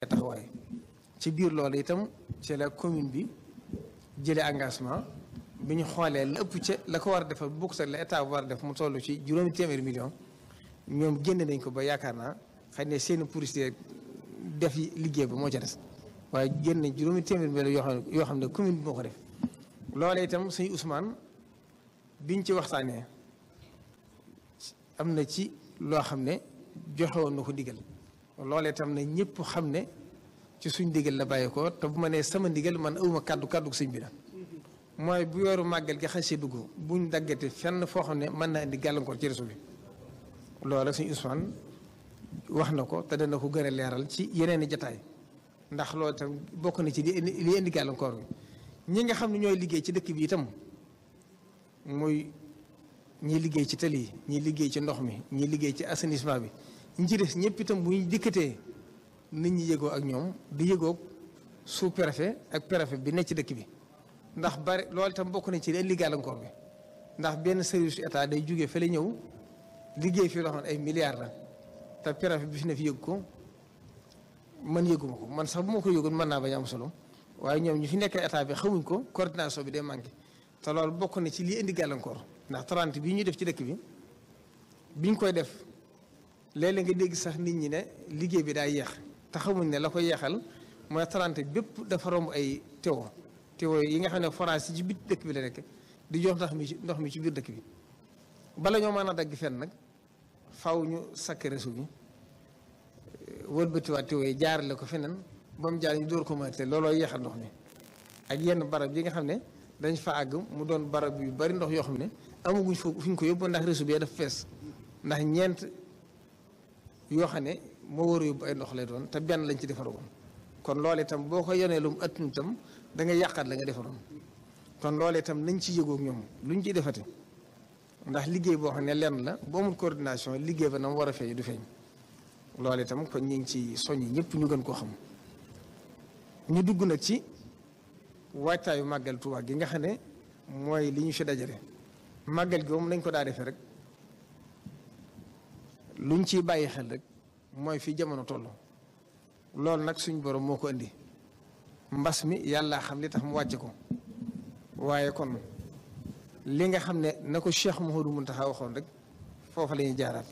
taxawaay ci biir loolu itam ci la commune bi jële engagement bi ñu xoolee la ëpp ca la ko war a defal bu sax la état war a def mu toll ci juróomi téeméeri million ñoom génne nañ ko ba yaakaar naa xëy na seen pouriste def liggéey ba moo ca des waaye génne juróomi téeméeri million yoo xam ne yoo xam ne commune bi moo ko def loolee itam suñu Ousmane biñ ci waxtaanee am na ci loo xam ne joxewoon na ko digal loolee tam na ñëpp xam ne ci suñ ndigal la bàyyi ko te bu ma nee sama ndigal man awma kàddu kàddu sëñ bi la mooy bu yooru màggal gi xasee dugg buñ daggate fenn foo xam ne mën naa indi gàllankoor ci réseau bi loola suñu Ousmane wax na ko te dana ko gën a leeral ci yeneen i jataay ndax loolu tam bokk na ci li indi gàllankoor bi ñi nga xam ne ñooy liggéey ci dëkk bi itam muy ñi liggéey ci tali yi ñi liggéey ci ndox mi ñi liggéey ci assainissement bi ñi ci des ñëpp itam bu ñu dikkatee nit ñi yëgoo ak ñoom di yëgoog sous préfet ak préfet bi nekk ci dëkk bi ndax bari loolu itam bokk na ci li indi gàllankoor bi ndax benn service état day jóge fa ñëw liggéey fii loo ay milliards la te préfet bi fi ne fi yëg ko man yëguma ko man sax bu ma ko yëgoon mën naa bañ am solo waaye ñoom ñu fi nekk état bi xamuñ ko coordination bi day manqué te loolu bokk na ci li indi gàllankoor ndax 30 bii ñu def ci dëkk bi biñ koy def. léeg nga dégg sax nit ñi ne liggéey bi daay yeex te ne la ko yeexal mooy trente bépp dafa romb ay tewo tewo yi nga xam ne forage yi ci biir dëkk bi la nekk di jox ndax mi ci ndox mi ci biir dëkk bi bala ñoo mën a dagg fenn nag faw ñu sakk réseau bi eh, wëlbatiwaat tewo yi jaarale ko feneen ba mu jaar ñu looloo yeexal ndox mi ak yenn barab yi nga xam ne dañ fa àgg mu doon barab yu bari ndox yoo xam ne amaguñ foofu fu ñu ko yóbbu ndax réseau bi dafa fees ndax ñeent yoo xam ne moo war a yóbbu ay ndox lay doon te benn lañ ci defaroon kon loolu itam boo ko yonee lu mu ëtt itam da nga la nga defaroon kon loolu itam nañ ci yëgoog ñoom luñ ciy defate ndax liggéey boo xam ne lenn la boo amul coordination liggéey ba na mu war a feeñ du feeñ loolu itam kon ñu ngi ci soññi ñëpp ñu gën koo xam ñu dugg nag ci waajtaayu màggal Tuubaa gi nga xam ne mooy li ñu fi dajale màggal gi moom lañ ko daa defee rek luñ ciy bàyyi xel rek mooy fi jamono toll loolu nag suñ borom moo ko indi mbas mi yàlla xam li tax mu wàcce ko waaye kon li nga xam ne na ko Cheikh Mouhamadou Mountakha waxoon rek foofa la ñuy jaaraat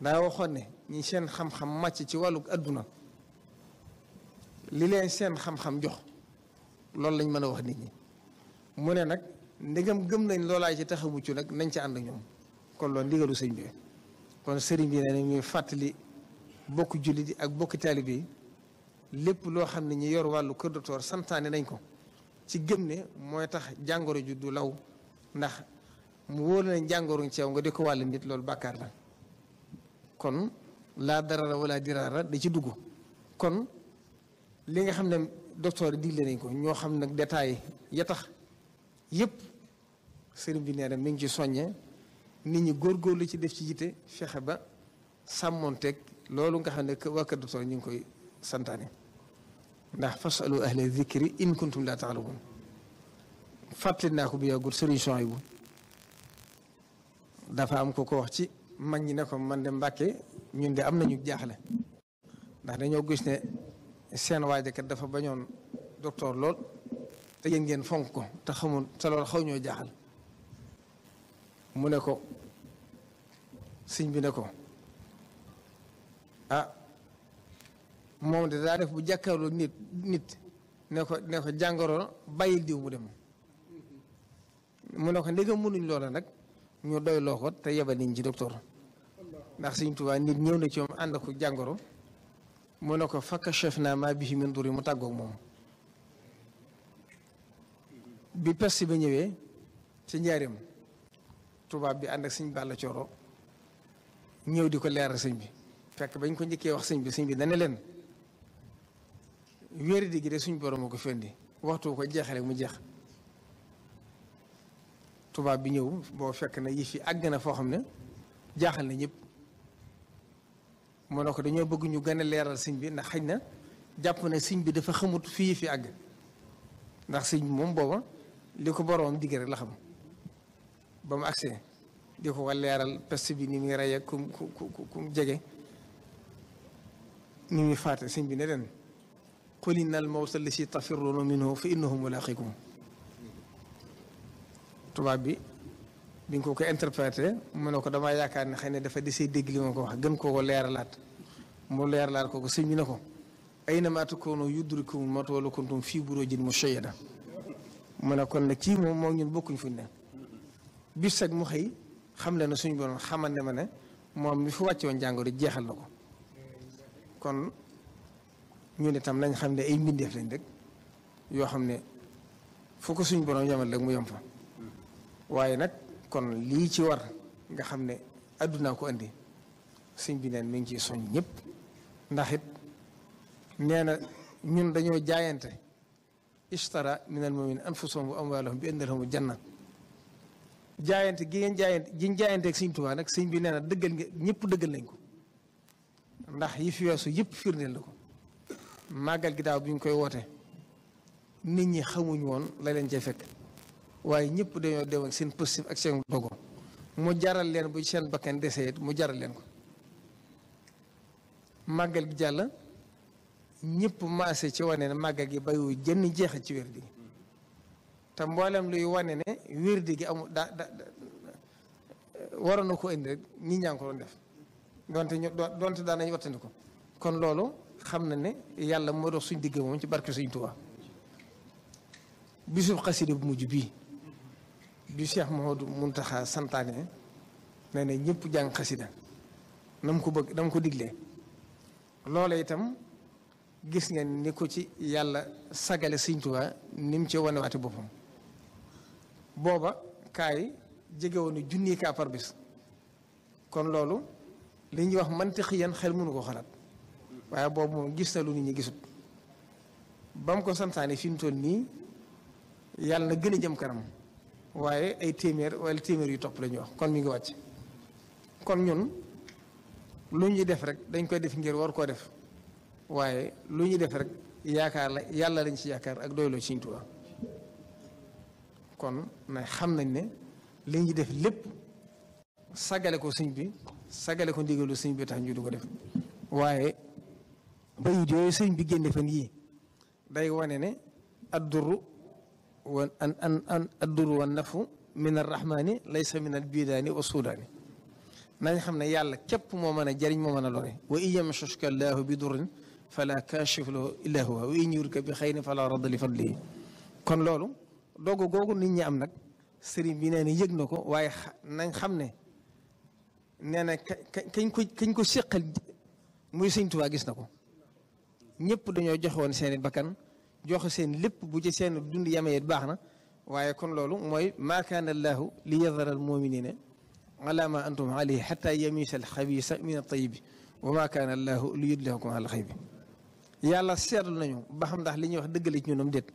waxoon ne ñi seen xam màcc ci wàllu àdduna li leen seen xam-xam jox loolu lañ mën a wax nit ñi mu ne nag ndegam gëm nañ loolaay ci tax a mucc nag nañ ci ànd ñoom kon loolu ndigalu sëñ bi kon sëriñ bi ne ñuy fàttali. bokk jullit yi ak bokk taalibe yi lépp loo xam ne ñi yor wàllu kër docteur santaane nañ ko ci gëm ne mooy tax jàngoro ju du law ndax mu wóor na jàngoro nga di ko wàll nit loolu bàkkaar la kon laa darara wala diraara da ci dugg kon li nga xam ne docteur digle nañ ko ñoo xam nag détail ya tax yépp sëriñ bi nee na mi ngi ci soññe nit ñi góorgóorlu ci def ci jite fexe ba sàmmoonteeg loolu nga xam ne waa Kër Docteur ñu ngi koy santaane ndax fasalu ahla zikri in kuntum laa taalamun fàttali naa ko bu yàggul solution yi bu dafa am ko ko wax ci mag ñi ne ko man de Mbàkke ñun de am nañu jaaxle ndax dañoo gis ne seen waajakat dafa bañoon docteur lool te yéen ngeen fonk ko te xamul te xaw ñoo jaaxal mu ne ko sëñ bi ne ko. ah moom de daa def bu jàkkaarloo nit nit ne ko ne ko jàngoro bàyyil diw mu dem mu ne ko ndegam mënuñ loola nag ñu doy loo ko te yebal nañ ci docteur ndax Sëriñ Tuubaa nit ñëw na ci moom ànd jàngoro mu ne ko fakka chef naa maa bihi mu tàggoog moom bi peste ba ñëwee ci njaareem tubaab bi ànd ak sëñ bala Cooro ñëw di ko leeral sëñ bi fekk bañ ko njëkkee wax sëñ bi sëñ bi dana leen wéeri di de suñ borom a ko fendi waxtu ko jeexale mu jeex tubaab bi ñëw boo fekk na yëf yi àgg na foo xam ne jaaxal na ñépp moo ne ko dañoo bëgg ñu gën a leeral sëñ bi ndax xëy na jàpp na siñ bi dafa xamut fii fi àgg ndax sëñ bi moom booba li ko boroom digg rek la xam ba mu agsee di ko leeral pest bi ni muy rey ak jege ni muy faate sëñ bi ne leen qul inna al mawta lasi tafirruuna minhu fa innahu mulaaqikum tubaab bi bi nga ko ko interprété mu ne ko damaa yaakaar ne xay ne dafa desee dégg li ma ko wax gën koo ko leeralaat mu leeralaat ko ko sëñ bi ne ko aynama takuunu yudrikumul mawtu wa law kuntum fii buruujin mushayyada mu ne kon nag kii moom moo ñun bokkuñ fuñ ne bis ak mu xëy xam le na suñu borom xamal ne ma ne moom mi fi wàcce woon jàngoro jeexal na ko kon ñu ne tam nañ xam ne ay mbindeef lañ rek yoo xam ne fu ko suñ borom yamal rek mu yem waaye nag kon lii ci war nga xam ne àddunaa ko andi sëñ bi neen mi ngi ciy soñ ñëpp ndax it nee na ñun dañoo jaayante ishtara min moom mu'minin anfusahum wa amwalahum bi anna lahumul janna jaayante gi ngeen jaayante gi ñu jaayanteeg sëñ Tuubaa nag sëñ bi nee na dëggal nga ñëpp dëggal nañ ko ndax yi fi weesu yëpp firndeel na ko màggal gi daaw bi ñu koy woote nit ñi xamuñ woon la leen cee fekk waaye ñëpp dañoo dem seen positif ak seen dogo mu jaral leen bu seen bakkan desee mu jaral leen ko màggal gi jàll ñëpp maase ci wane ne màggal gi bayu jënn jeexal ci wér di te mboolem luy wane ne wér di gi waroon na ko indi rek ñi ñaa ngi def donte ñu donte daan nañu ko kon loolu xam na ne yàlla moo dox suñ digg moom ci barke suñ Tuubaa bisub xasida bu mujj bii du Cheikh Mouhamadou Mountakha santaane ne ne ñëpp jàng xasida na mu ko bëgg na ko digle loola itam gis ngeen ni ko ci yàlla sagale Sëñ Tuubaa ni mu ci wanewaate boppam booba kaay jege woon junni kaa par bis kon loolu li ñuy wax mantiqiyan xel mënu koo xalaat waaye boobu moom gis na lu ñu ñi gisut ba mu ko santaane fi mu toll nii yàlla na gën a jëm kanam waaye ay téeméer wala téeméer yu topp lañuy wax kon mi ngi wàcc kon ñun lu ñuy def rek dañ koy def ngir war koo def waaye lu ñu def rek yaakaar la yàlla lañ ci yaakaar ak doyloo Sëriñ Tuubaa kon na xam nañ ne li ñuy def lépp sagale ko siñ bi sagale ko ndigalu sëñ bi tax ñu ko def waaye bayit yooyu sëñ bi génne fan yi day wane ne adduru wa an an an adduru wa nafu min arrahmani laysa min albidaani wa suudaani nañ xam ne yàlla képp moo mën a jariñ moo mën a lore wa in yamshushka llaahu bi durrin fala kaashifa lahu illaa huwa wa in yurka bi xayrin fala radda li fadlihi kon loolu dogu googu nit am nag sëriñ bi nee na na ko waaye nañ xam ne nee na kañ ko kañ ko séqal muy sëñ Tuubaa gis na ko ñëpp dañoo joxe woon seen bakkan joxe seen lépp bu ci seen dund yamee baax na waaye kon loolu mooy maa kaana allaahu li yadara al muminina ala ma antum alayhi xata yamisa al xabisa min al bi wa maa kaana allaahu li yudlihakum ala xaybi yàlla seetlu nañu ba xam ndax li ñuy wax dëgg la ci ñunam déet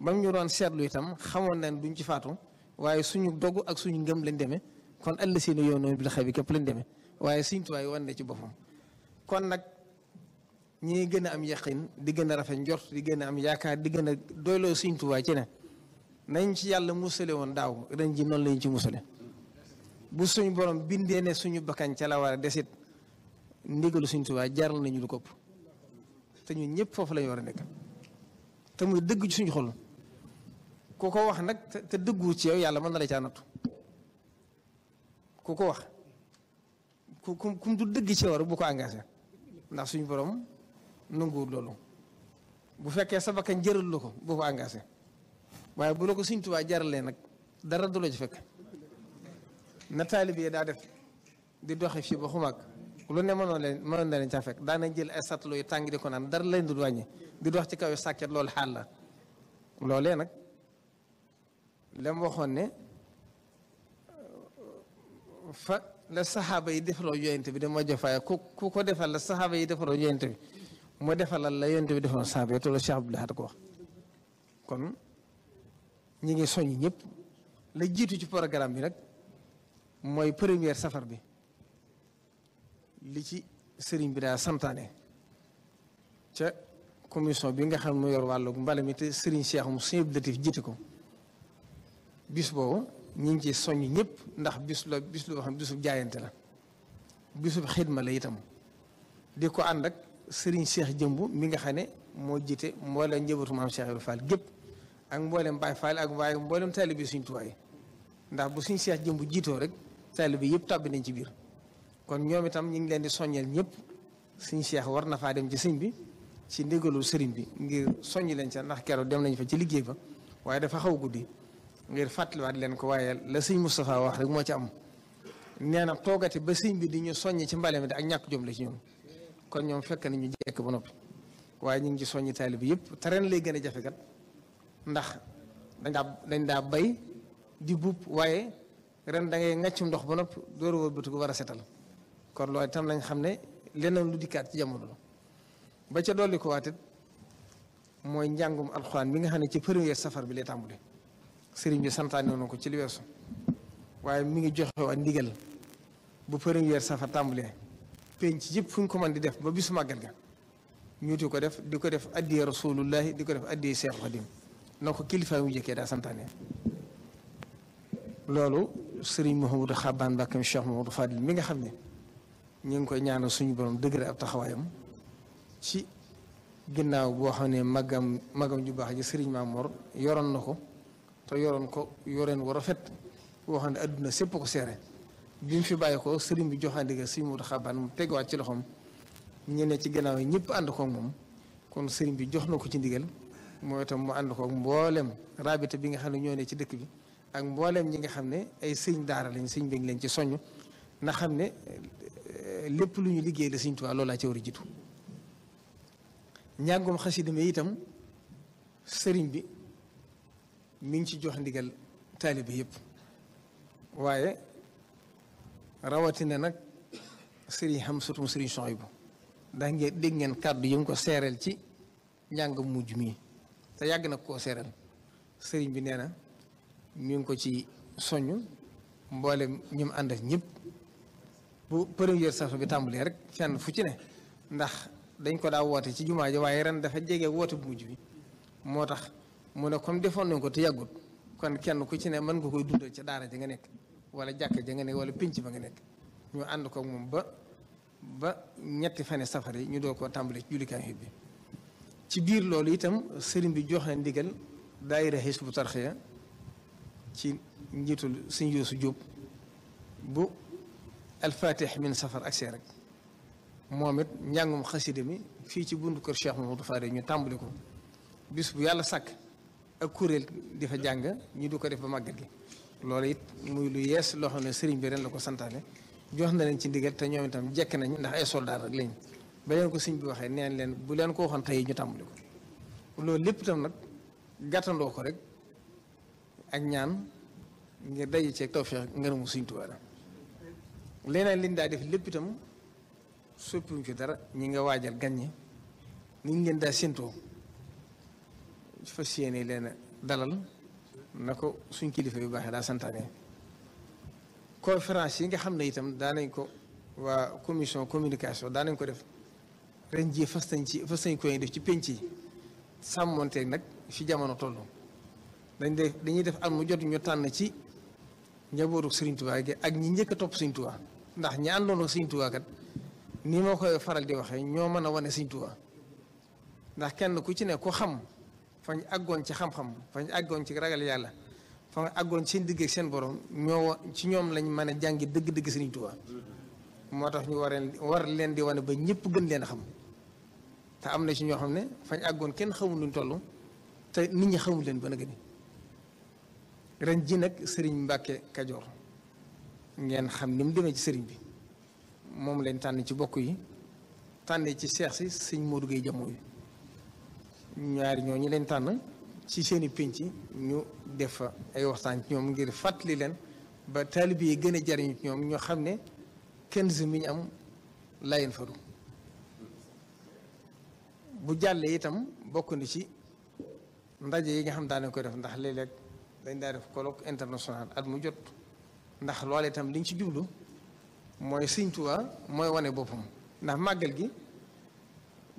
bam ñu doon seetlu itam xamoon nañ duñ ci faatu waaye suñu dogu ak suñu ngëm lañ demee kon àll si ne noonu bi la bi képp lañ demee waaye Sëriñ Tuubaa yi ci boppam kon nag ñi gën a am yaqin di gën a rafet njort di gën a am yaakaar di gën a doyloo Sëriñ Tuubaa ci ne nañ ci yàlla musale woon daaw ren ji noonu lañ ci musale bu suñ borom bindee ne suñu bakkan ca la war desit ndigalu Sëriñ tuwaay jaral nañu lu kopp te ñun ñëpp foofu lañu war a nekk te muy dëgg ci suñu xol ku ko wax nag te dëggu ci yow yàlla mën na la caa nattu ku ko wax ku ku du dëgg ci war bu ko engagé ndax suñu borom nanguwul loolu bu fekkee sa bakkan jëral la ko boo waaye bu la ko Sëñ Tuubaa jaralee nag dara du la ci fekk na taalibe yi daa def di doxe fii ba xumaag lu ne mënoon leen mënoon na leen caa fekk daana jël ay satlo yu tàng di ko naan dara leen du wàññi di dox ci kaw yu lool loolu xaal nag lam waxoon fa la saxaaba yi defaloo yonent bi dama jofaay ku ku ko defal la saxaaba yi defaloo yonent bi mu defalal la yonent bi defaloo saxaaba yi tolloo Cheikh Abdoulaye ko wax kon ñi ngi soññ ñëpp la jiitu ci programme bi nag mooy première safar bi li ci sëriñ bi daa santaane ca commission bi nga xam ne mu yor wàllu mbala mi te sëriñ Cheikh mu sëñ Abdou Latif jiite ko bis boobu ñu ngi ciy soññ ñëpp ndax bis la bis loo xam bisu jaayante la bisu xidma la itam di ko ànd ak sëriñ Cheikh Jëmb mi nga xam ne moo jiite mboolem njëbatu maam Cheikh Ibrahima gépp ak mboolem Baye Fall ak waaye mboolem bi suñ tuwaay ndax bu suñ Cheikh Jëmb jiitoo rek bi yëpp tàbbi nañ ci biir kon ñoom itam ñu ngi leen di soññal ñëpp suñ Cheikh war na faa dem ci sëñ bi ci ndigalul sëriñ bi ngir soñ leen ca ndax keroo dem nañ fa ci liggéey ba waaye dafa xaw guddi. ngir fàttaliwaat leen ko waaye la sëñ Moustapha wax rek moo ci am nee na toogate ba siñ bi di ñu soññ ci mbale mi ak ñàkk jom la ci ñoom kon ñoom fekk na ñu jekk ba noppi waaye ñu ngi ci soññi taalib yëpp te ren lay gën a jafe kat ndax dañ dañ daa bay di buub waaye ren da ngay ŋàccum ndox ba noppi door a wëlbatiku war a setal kon loolu tam nañ xam ne leneen lu dikkaat ci jamono la ba ca dolli ko waatit mooy njàngum alxuraan bi nga xam ne ci premier safar bi lay tàmbule sëriñ bi santaane na ko ci li weesu waaye mi ngi joxe waa ndigal bu première safar tàmbalee penc yëpp fu ñu ko mën di def ba bisu màggal ga ñu di ko def di ko def addiyee rasulullahi di ko def addiyee Seexu Xadim na ko kilifa mu jëkkee daa santaane loolu sëriñ Mouhamadou Xaban Mbàkke Cheikh Mouhamadou Fadil mi nga xam ne ñu ngi koy ñaanal suñu borom dëgëre ab taxawaayam ci ginnaaw boo xam ne magam magam ju baax ji sëriñ Mamour yoroon na ko te yoroon ko yoreen wu rafet woo xam ne adduna sépp ko seere bi mu fi bàyyi ko sëriñ bi joxaan ndigal sëriñ Moodu Xabaan mu tegawaat ci loxoom ñeneen ci gannaaw ñëpp ànd moom kon sëriñ bi jox na ko ci ndigal mooy itam mu ànd koog mboolem rabita bi nga xam ne ñoo ne ci dëkk bi ak mbooleem ñi nga xam ne ay sëñ daara lañ sëñ bi ngi ci soññ na ne eh, lépp lu ñu liggéey la sëriñ Tuubaa laa ci war a jiitu ñàggum sëriñ bi. mi ngi ci jox ndigal taalibe yëpp waaye rawatina nag sëriñ xam sutum sëriñ Sohaybu daa ngeen dégg ngeen kàddu yi mu ko seereel ci njàng mujj mii te yàgg na koo seereel sëriñ bi nee na mi ngi ko ci soññ mboolem ñu mu àndal ñëpp bu première saison bi tàmbalee rek fenn fu ci ne ndax dañ ko daa woote ci jumaa ji waaye ren dafa jege woote bu mujj bi moo tax mu ne comme defoon nañ ko te yàggut kon kenn ku ci ne man nga koy dundal ci daara ji nga nekk wala jàkk ja nga nekk wala pénc ba nga nekk ñu ànd ko moom ba ba ñetti fane safar yi ñu doo koo tàmbali ci jullikaay biir loolu itam sëriñ bi joxe ndigal daayira Hizbut Tarqiyyah ci njiitul sëñ Yuusu Jóob bu alfatih min safar ak rek moom it njàngum xasida mi fii ci buntu kër Cheikh ñu tàmbali ko bis bu yàlla sàkk ak kuréel di fa jàng ñu du ko def ba màggat gi loolu it muy lu yees loo xam ne sëriñ bi ren la ko santaane jox na leen ci ndigal te ñoom itam jekk nañ ndax ay soldaar rek lañ ba leen ko sëriñ bi waxee neen leen bu leen ko waxoon tey ñu tàmbali loolu lépp nag gàttandoo ko rek ak ñaan ngir daje ceeg tawfeex ngërëmu Sëriñ Tuubaa la leneen liñ daa def lépp itam soppiwuñ ko dara ñi nga waajal gan ñi niñ leen daa séentoo fas yéene leen dalal na ko suñ kilifa yu baaxee daa santaane conférence yi nga xam ne itam daa nañ ko waa commission communication daa nañ ko def ren jii fas nañ ci fas nañ koy ci penc yi sàmmonteeg nag fi jamono toll dañ def dañuy def am mu tànn ci njabootu Serigne Touba ak ñi njëkk a topp Serigne Touba ndax ñi àndoon ak Serigne kat ni moo koy faral di waxee ñoo mën a wane Serigne Touba ndax kenn ku ci ne ku xam fa ñu àggoon ci xam-xam fa ñu àggoon ci ragal yàlla fa ñu àggoon seen diggee seen borom ñoo ci ñoom lañ mën a jàngi dëgg-dëgg Sëriñ Tuubaa moo tax ñu wareen war leen di wane ba ñëpp gën leen a xam te am na si ñoo xam ne fañ àggoon kenn xamul luñ toll te nit ñi xamul leen ba nag ni ji nag sëriñ Mbàkke Kajoor ngeen xam ni mu demee ci sëriñ bi moom lañ tànn ci bokk yi tànn ci seex si sëñ Modou Gueye Jamoo yi ñaari ñoo ñu leen tànn ci seen i ñu def fa ay waxtaan ci ñoom ngir fàttali leen ba taalibe yi gën a jariñu ci ñoom ñoo xam ne kenz mi ñu am layen faru bu jàllee itam bokk na ci ndaje yi nga xam daanañ ko def ndax léeg dañ daa def colloque international at mu jot ndax loolee itam liñ ci jublu mooy Sëñ Tuubaa mooy wane boppam ndax màggal gi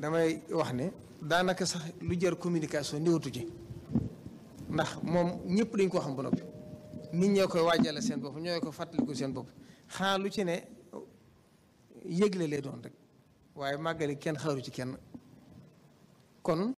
damay wax ne daanaka sax lu jar communication néewatu ci ndax moom ñëpp dañ ko xam ba noppi nit ñoo koy waajale seen bopp ñoo ko fàttaliku seen bopp xanaa lu ci ne yëgle lay doon rek waaye màggali kenn xaaru ci kenn kon